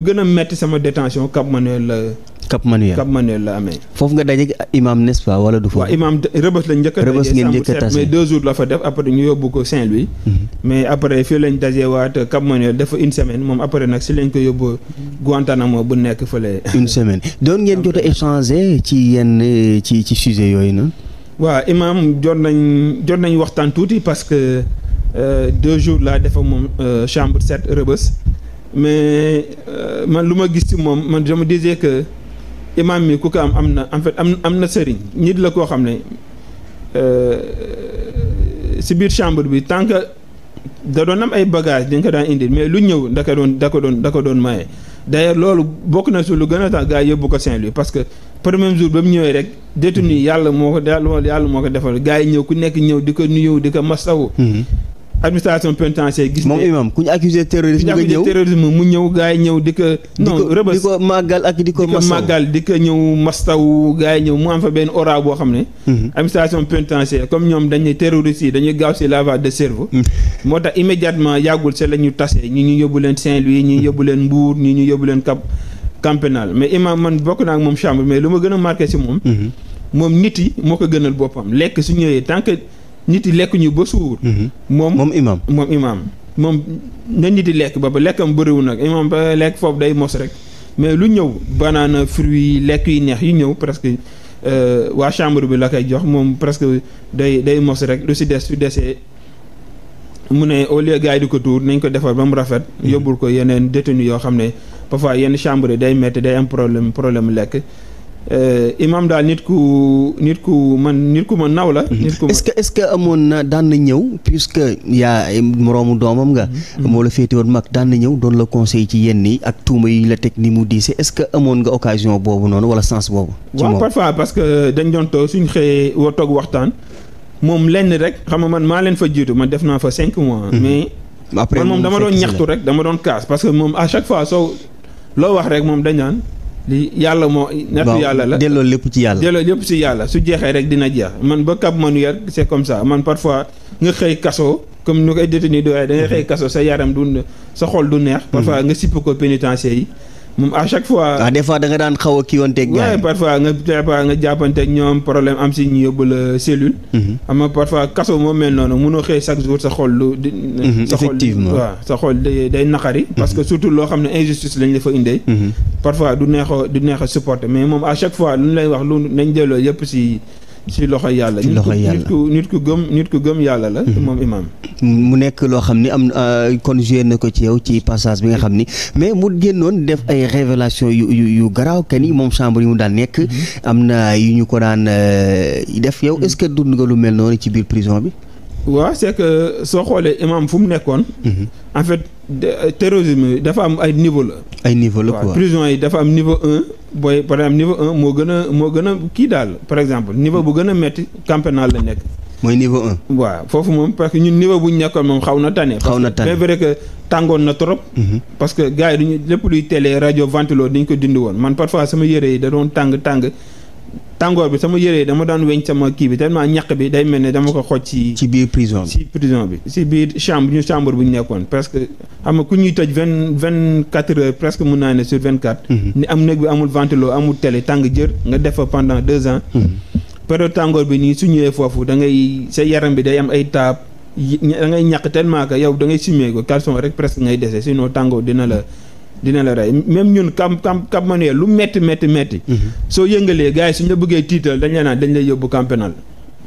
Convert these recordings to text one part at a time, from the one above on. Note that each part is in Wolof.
gën a metti sama détention Cap Manuel la. Cap Manuel Cap Manuel la amee. foofu nga daje imam n'est-ce wala du foofu. waaw imam rëbës lañ njëkk a. rëbës ngeen a tase mais deux jours la fa def après ñu yóbbu ko Saint-Louis. Mhm. mais après fii lañ daje waat Cap Manuel dafa une semaine moom après nag si lañ ko yóbbu Guantanamo bu nekk fële. une semaine doon ngeen jot a échanger ci yenn ci ci sujet yooyu na waa imam jot nañ jot nañu waxtaan tuuti parce que euh, deux jours la def ak moom chambre euh, 7 rëbës. mais euh, man lu ma gis ci moom man je me disais que imam mi ku ko am am na enfet am am na sëriñ nit la koo xam ne euh, ci biir chambre bi tant que da doon am ay bagage dañ ko daan indi mais lu ñëw da ko doon da ko doon ko doon maye. d'ailleurs loolu bokk na su lu gën a tax gars yóbbu ko Saint-Louis parce que premier jour ba mu ñëwee rek détenu yàlla moo ko yàlla moo ko defal gars yi ñëw ku nekk ñëw di ko nuyoo di ko masawu. Mm-hmm. administration pénitentiaire gis moom imam ku ñu accusé terrorisme nga ñëw terrorisme mu ñëw gars ñëw di ko non rëbës di ko màggal ak di ko ñëw mastaw gars yi ñëw mu am fa benn aura boo xam ne mhm. administration pénitentiaire comme ñoom dañuy terroriste yi dañuy gaaw si lavage de cerveau mhm. moo tax immédiatement yàggul c'est la ñu tase ñi ñu yóbbu leen Saint-Louis ñi yóbbu leen Mbour ñi ñu yóbbu leen Cap Camp pénal mais imam man bokk naa ak moom chambre mais lu ma gën a marqué si moom mhm. moom nit yi moo ko gënal boppam lekk su ñëwee tant que nit yi lekk ñu ba suur. Mhm. moom moom imaam moom imaam. moom na nit yi lekk ba ba lekkam bëriwu nag imaam ba lekk foofu day mos rek mais lu ñëw banaana fruit yi lekk yu neex yi ñëw presque euh, waa chambre bi la koy jox moom presque day day mos rek lu si des su desee mu ne au lieu gars di ko tuur nañ ko defar ba mu rafet. Mhm. yóbbul ko yeneen détenu yoo xam ne parfois yenn chambre yi day metti day am problème problème lekk. Euh, imam daal nit ku nit ku man nit ku ma naw la. Mhm. nit est-ce que est-ce que amoon na daan na ñëw puisque yaa moroomu doomam nga. Mhm. moo la féete woon mag daan na ñëw doon la conseil ci yenn yi ak tuuma yi la teg ni mu diise est-ce que amoon nga occasion boobu noonu wala sens boobu. ci moom waaw parce que dañ doon toog suñ xëyee war waxtaan moom lenn rek xam nga man maa leen fa jiitu ma def naa fa cinq mois. Mhm. mais après moom dama doon ñaxtu rek dama doon kaas parce que moom à chaque fois soo loo wax rek moom dañ naan li yàlla moo nattu yàlla la delloo lépp ci yàlla delloo lépp ci yàlla su jeexee rek dina jeex man ba Cap Manuel c'est comme ça man parfois nga xëy kaso comme nu koy détenu dooyee da nga xëy kaso sa yaram du sa xol du neex parfois nga sipp ko pénitencier yi moom à chaque fois. ah des fois daan xaw a kiiwanteeg. gars yi parfois nga parfois nga jàppanteeg ñoom problème am si ñu yóbbu la cellule. xam mhm. parfois kaso moo mel noonu mënoo xëy chaque jour sa xol lu. Mhm, effectivement waaw sa xol day day naqari. Mhm. parce que surtout loo xam ne injustice lañ la fa indee. parfois du neex a du neex supporter mais moom à chaque fois lu ñu lay wax lu nañ delloo yëpp si. ci loxoy yàlla ci loxoy yàlla nit ku nit ku gëm nit ku gëm yàlla la mhm. moom imaam mu nekk loo xam ni am euh, kon joué na ko ci yow ci passage bi nga xam ni mais mu génnoon def ay révélation yu yu garaaw ken yi moom chambre yu mu daan nekk mhm. am na yu ñu ko daan euh, def yow mhm. est-ce que dund nga lu mel noonu ci biir prison bi waaw c'est que soo xoolee imaam fu mu nekkoon en fait euh, terrorisme dafa am ay niveau la ay niveau la prison yi dafa am niveau un booy par exemple niveau moo gën a moo gën a kii daal par exemple niveau bu gën a métti camp pénal la nekk. mooy niveau un. waa foofu moom parce que ñun niveau bu ñu nekkoon moom xaw na tane. xaw na tane vrai que tàngoon na trop. Mhm. parce que gars yi duñu lépp luy télé rajo ventilo dañ ko dindi woon man parfois sama yére yi da doon tàng tàng. tàngoor bi sama yére dama daan weñ sama kii bi tellement ñaq bi day mel ne dama ko xooj ci. ci biir prison bi ci bi. ci biir chambre ñu chambre bu ñu nekkoon presque xam nga ku ñuy toj vingt vingt presque mun naa ne sur vingt quatre. Mhm. ni am néeg bi amul ventilo amul télé tàng jër nga def fa pendant deux ans. Mhm. période tàngoor bi nii su ñëwee foofu dangay sa yaram bi day am ay taab da ngay ñaq tellement que yow da ngay sumé ko caleçon rek presque ngay dese sinon tàngoor dina la. dina la rey même ñun camp camp camp lu metti metti metti mhm. soo yëngalee gars su suñu la bëggee tiital dañ la naan dañ lay yóbbu camp pénal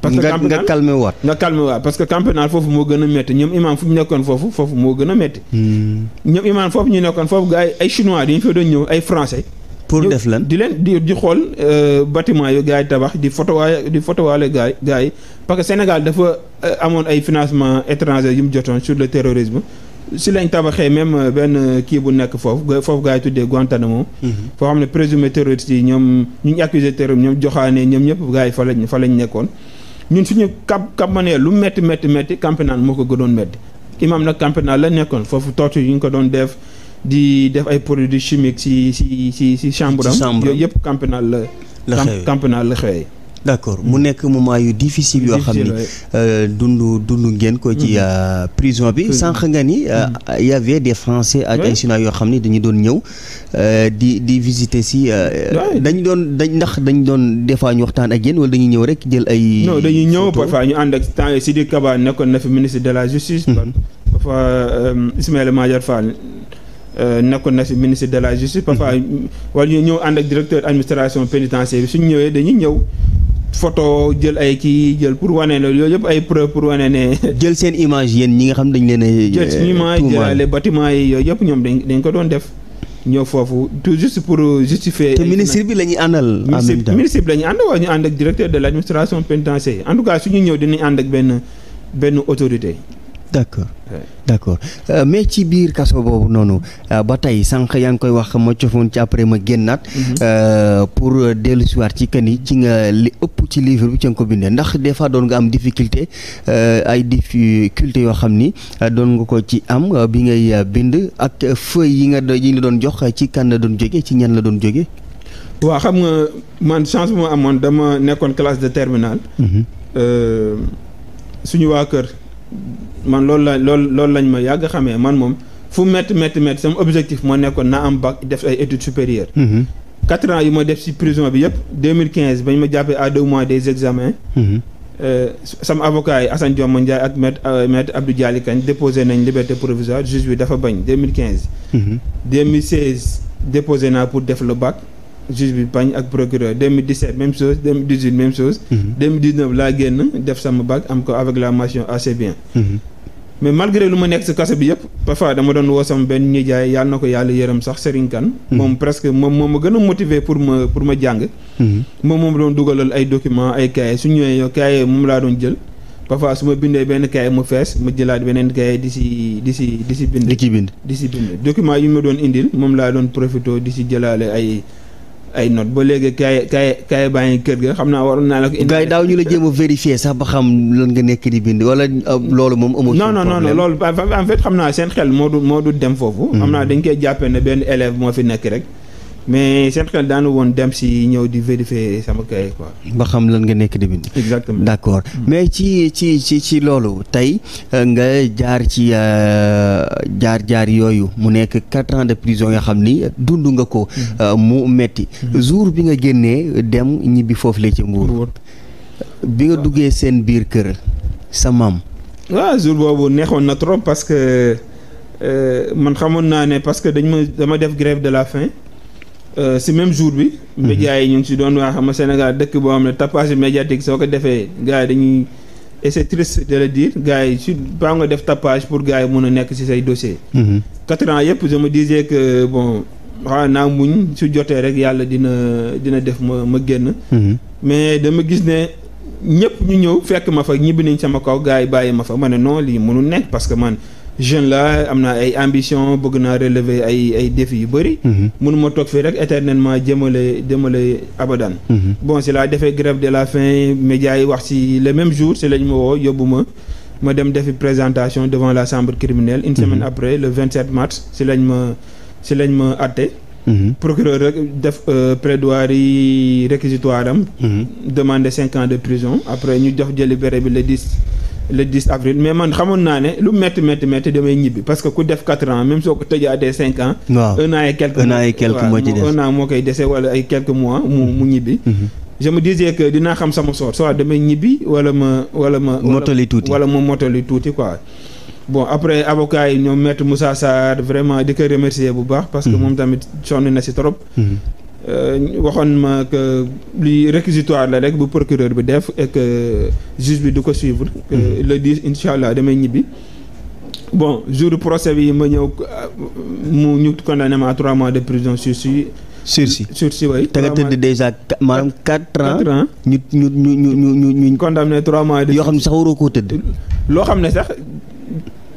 parce que nga calmé waat nga calmé waat parce que camp pénal foofu moo gën a métti ñoom imaam fu ñu nekkoon foofu foofu moo gën a métti hmm. ñoom imaam foofu ñu nekkoon foofu gars yi ay chinois dañu fa doon ñëw ay français pour def lan di leen di di xool euh, bâtiment yu gars yi tabax di fotowaale di fotowaale waale yi gars parce que Sénégal dafa euh, amoon ay financement étranger yu mu jotoon sur le terrorisme si lañ tabaxee même euh, benn kii bu nekk foofu foofu gaa yi tuddee Guantanamo mhm. foo xam ne présumé terroriste yi ñoom ñu ngi accusé terrorisme ñoom joxaane ñoom ñëpp gaa yi fa lañ fa lañ nekkoon ñun suñu kap kap manee lu metti metti metti campagnat moo ko gënoon metti imam nag campagnat la nekkoon foofu torture yi ñu ko doon def di def ay produits chimiques ci si si si chambre am yooyu yëpp campagnat la campagnat la xëy d' accord mu nekk moment yu difficile yoo xam ni euh, dundu dund ngeen ko ci mm-hmm. euh, prison bi sànq nga ni euh, mm-hmm. y des français ak ay yoo xam ni dañu doon ñëw di di visiter si dañ doon dañ ndax dañ doon des fois ñu waxtaan ak yéen wala dañuy ñëw rek jël ay non dañuy ñëw parfois ñu ànd ak temps Sidiki Kaba nekkoon na fi ministre de la justice mm-hmm. parfois Ismaïla Madior Fall nekkoon na fi ministre de la justice parfois wala ñu ñëw ànd ak directeur administration pénitentiaire bi suñu ñëwee dañuy ñëw foto jël ay kii jël pour wane loolu yooyu yëpp ay preuve pour wane ne. jël seen image yéen ñi nga xam dañ leen a. jël seen image euh, jëlale bâtiment yi yooyu yëpp ñoom dañ dañ ko doon def. ñëw foofu tout juste pour justifier. te ministre bi la ñuy àndal. en même temps ministre bi la ñuy ànd wala ñu ànd ak directeur de l' administration pénitentiaire en tout cas suñu ñëw dinañ ànd ak benn benn autorité. d' accord euh, mais ci biir kaso boobu noonu euh, ba tey sànq yaa ngi koy wax ma cofoon ci après ma génn génnaat. Mhm. Euh, pour dellu si ci kan yi ci nga li ëpp ci livre bi ci nga ko bindee ndax des fois doon nga am difficulté ay difficulté yoo xam ni doon nga ko ci am bi ngay bind ak feuille yi nga yi la doon jox ci kan la doon jóge ci ñan la doon jóge waaw xam nga man chance bu amoon dama nekkoon classe de terminale. Mhm. suñu waa kër. man loolu la loolu loolu lañ ma yàgg xamee man moom fu métti métti métti sama objectif moo nekkoon na am bac def ay études supérieures. Mhm. quatre ans yu ma def ci prison bi yëpp deux mille quinze bañ ma jàppee à deux mois des examens. Mhm. Euh, sama avocat yi Assane Dioma Ndiaye ak maître euh, maître Abdou Dialy Kane déposé liberté provisoire juge dafa bañ deux mille quinze. Mhm. deux mille seize déposé naa pour def le bac. juge bi bañ ak procureur 2017 même chose 2018 même chose. 2019 mhm. laa génn def sama bac am ko avec la mention assez bien. Mhm. mais malgré lu ma nekk si kaso bi yëpp parfois dama doon woo sama benn nijaay yàlla na ko yàlla yërëm sax Serigne Kane mhm. moom presque moom moom ma gën a motiver pour ma pour ma jàng moom moom doon dugalal ay documents ay cahier su ñëwee yow cahier moom laa doon jël parfois su ma bindee benn cahier mu fees ma jëlaat beneen cahier di si di si di si bind di bind di si bind document yi ma doon indil moom laa doon profité di si jëlaale ay ay not ba léegi kaay kaay kaay baa ngi kër ga xam naa waroon naa la ko. gars daaw ñu la jéem a vérifier sax ba xam lan nga nekk di bind wala euh, loolu moom. amul non non non loolu en fait xam naa seen xel moo du moo du dem foofu. Hmm. xam naa dañ koy jàppee ne benn élève moo fi nekk rek. mais seen xel daanu woon dem si ñëw di vérifier sama kay quoi. ba xam lan nga nekk di bind. exactement mm. mais ci ci ci ci loolu tey euh, nga jaar ci euh, jaar jaar yooyu mu nekk quatre ans de prison yoo xam ni dund nga ko. Mm. Euh, mu metti mm. jour bi nga génnee dem ñibbi foofu la ci Mbuur. bi nga duggee seen biir kër sa maam. waaw jour boobu neexoon na trop parce que man xamoon naa ne parce que dañ ma dama def grève de la fin Euh, si même jour bi. médias yi ñu ngi si doon wax xam Sénégal dëkk boo xam ne tapage médiatique soo ko defee gars yi dañuy et c'est triste de le dire gars yi su paa nga def tappage pour gars yi mun a nekk si say dossier. Mhm. quatre ans yëpp je me disais que bon xanaa naa muñ su jotee rek yàlla dina dina def ma ma génn. Mhm. mais dama gis ne ñëpp ñu ñëw fekk ma fa ñibbi nañ sama kaw gars yi bàyyi ma fa ma ne non lii mënul nekk parce que man. jeune la am na ay ambition bëgg naa relever ay ay défis yu bëri. Mhm. mënuma toog fii rek éternellement jëmale jëmale abadan. Mhm. bon si laa defee grève de la fin média yi wax si le même jour si lañ ma woo yóbbu ma ma dem defi présentation devant la chambre criminelle. une mhm. semaine après le 27 mars si lañ ma si lañ ma àtte. procureur rek def euh, plaidoirie réquisitoire am. demande cinq ans de prison après ñu jox délibéré bi le 10. le 10 avril mais man xamoon naa ne lu métti métti métti damay ñibbi parce que ku def 4 ans même soo ko tëjaatee a ans. waaw un an et quelques un moo koy dese wala ay quelques mois mu mu mhm. ñibbi. Mhm. je me disais dinaa xam sama sort soo damay ñibbi wala ma wala ma. motoli tuuti wala ma motali tuuti quoi. bon après avocat yi ñoom maître Moussa Sarr vraiment di ko remercier bu baax. parce que mhm. moom tamit sonn na si trop. Euh, waxoon ma que li réquisitoire la rek bu procureur bi def et que juge bi du ko suivre. Mhm. le 10 incha allah damay ñibbi. bon jour procès bi ma ñëw mu ñu condamné ma à trois mois de prison sursis. sursis sursis waay. te nga tëdd déjà maanaam quatre ans. quatre ans ñu ñu ñu ñu ñu ñu ñu. condamné trois mois de. yoo xam ne sax waroo koo tëdd. loo xam ne sax.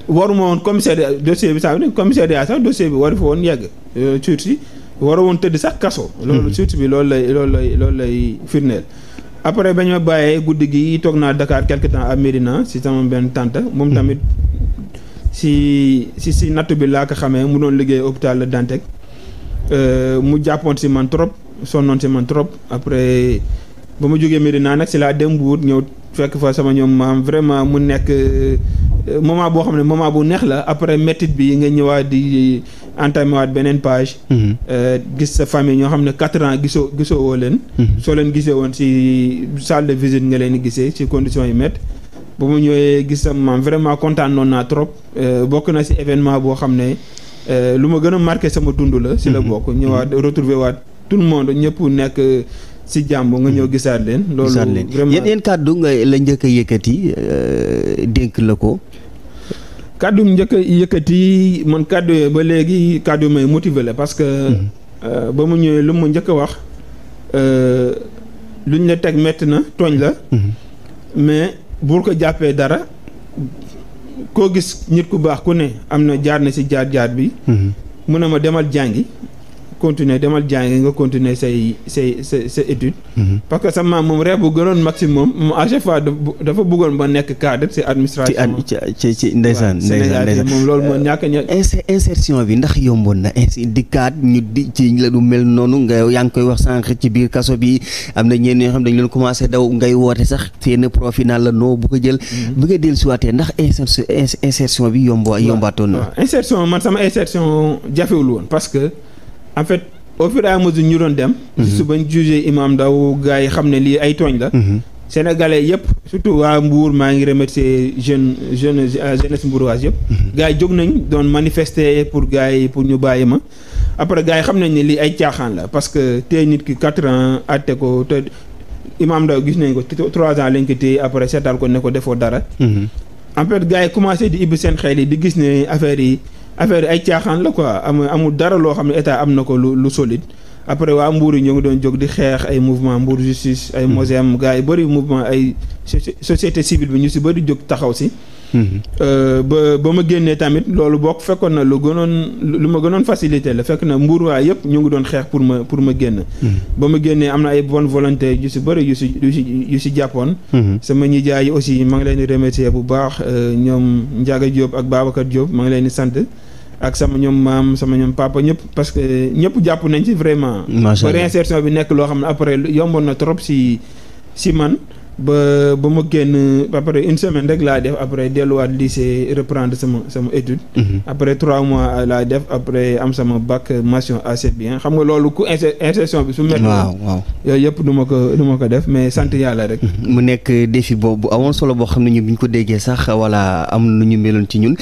waruma woon commissaire dossier bi sax commissaire de sax dossier bi waru fa woon yegg euh, sursis war a woon tëdd sax kaso. loolu hmm. suite bi loolu lay loolu lay loolu lay firndeel. après ba ñu ma bàyyee guddi gi toog naa Dakar quelque temps à Médina si sama benn tante. moom hmm. tamit si si si nattu bi laa ko xamee mu doon liggéey hôpital Dantec. Euh, mu jàppoon si man trop sonnoon si man trop après ba ma jógee Médina nag si laa dem Mbuur ñëw fekk fa sama ñoom maam vraiment mu nekk. moment boo xam ne moment bu neex la après métit bi yi nga ñëwaat di entamé waat beneen page. Mhm. Euh, gis sa famille ñoo xam ne quatre ans gisoo gisoo woo leen. Mhm. soo leen gisee woon ci salle de visite nga leen gisee ci conditions yi métti. ba mu ñëwee gis sa maam vraiment kontaan noon naa trop euh, bokk na ci événement boo xam ne euh, lu ma gën a marqué sama dund la. ci la mhm. bokk ñëwaat retrouver waat tout le monde ñëpp nekk. si jàmm nga ñëw mm-hmm. gisaat leen. loolu vraiment yéen kàddu nga la njëkk a euh, dénk la ko. kàddu njëkk a yëkkati man kàddu yooyu ba léegi kàddu may motivé la parce que. Mm-hmm. Euh, ba mu ñëwee lu mu njëkk a wax euh, luñ la teg metti na tooñ la. Mm-hmm. mais buur ko jàppee dara koo gis nit ku baax ku ne am na jaar na si jaar jaar bi. mu ne ma demal jàngi continuer demal jàngi nga continuer say say sa sa étude mhm. parce que sa maam moom rêve bu gënoon maximum moom à chaque fois dafa bëggoon ba nekk cadre ci administration ci ci moom loolu moo ñàkk a euh, insertion bi ndax yomboon na ainsi di cadre ñu di ci la du mel noonu nga yaa ngi koy wax sànq ci biir kaso bi am na ñeen ñoo xam dañ leen commencé daw ngay woote sax seen profit naan la noo bu ko jël mhm. bi nga dellu siwaatee ndax insertion bi yombo yombaatoon na insertion man sama insertion jafewul woon parce en fait au fur et à mesure ñu doon dem. Mhm. su bañ jugee Imam Ndao gars yi xam ne lii ay tooñ la. Mhm. Sénégalais yëpp surtout waa Mbour maa ngi remercier jeune jeune euh, jeunesse mbourgeoise yëpp. Mhm. gars yi jóg nañ doon manifester pour gars yi pour ñu bàyyi ma. après gars yi xam nañ ni lii ay caaxaan la parce que téye nit ki quatre ans àtte ko te Imam Ndao gis nañ ko trois ans lañ ko téye après setal ko ne ko defoo dara. en fait gars yi di ibbi seen xel yi di gis ne affaire yi. affaire ay caaxaan la quoi am amul dara loo xam ne état am na ko lu lu solide après waa Mbour yi ñoo ngi doon jóg di xeex ay mouvement Mbour justice ay hmm. Mosem gars yi bëri mouvement ay société civile bi ñu si bëri jóg taxaw si. Hmm. Euh, ba ba ma génnee tamit loolu bokk fekkoon na lu gënoon lu ma gënoon facilité la fekk na Mbour waa yëpp ñu ngi doon xeex pour ma pour ma génn. Hmm. ba ma génnee am na ay bonne volonté yu si bëri yu si yu si yu si jàppoon. sama nijaay yi aussi ma ngi leen di remercier bu baax euh, ñoom Ndiaga Diop ak Babacar Diop ma ngi leen di sant. ak sama ñoom maam sama ñoom papa ñëpp parce que ñëpp jàpp nañ ci vraiment. macha insertion bi nekk loo xam ne après yomboon na trop si si man. ba ba ma génn après une semaine rek laa def après delluwaat lycée reprendre sama sama étude. Mhm. après trois mois laa def après am sama bac mention assez bien xam nga loolu ku inser insertion bi. su mel waaw waaw yooyu yëpp du ma ko du ma ko def mais sant yàlla rek. Mhm. mu nekk défi boobu awoon solo boo xam ne ñu bu ñu ko déggee sax wala am nu ñu meloon ci ñun.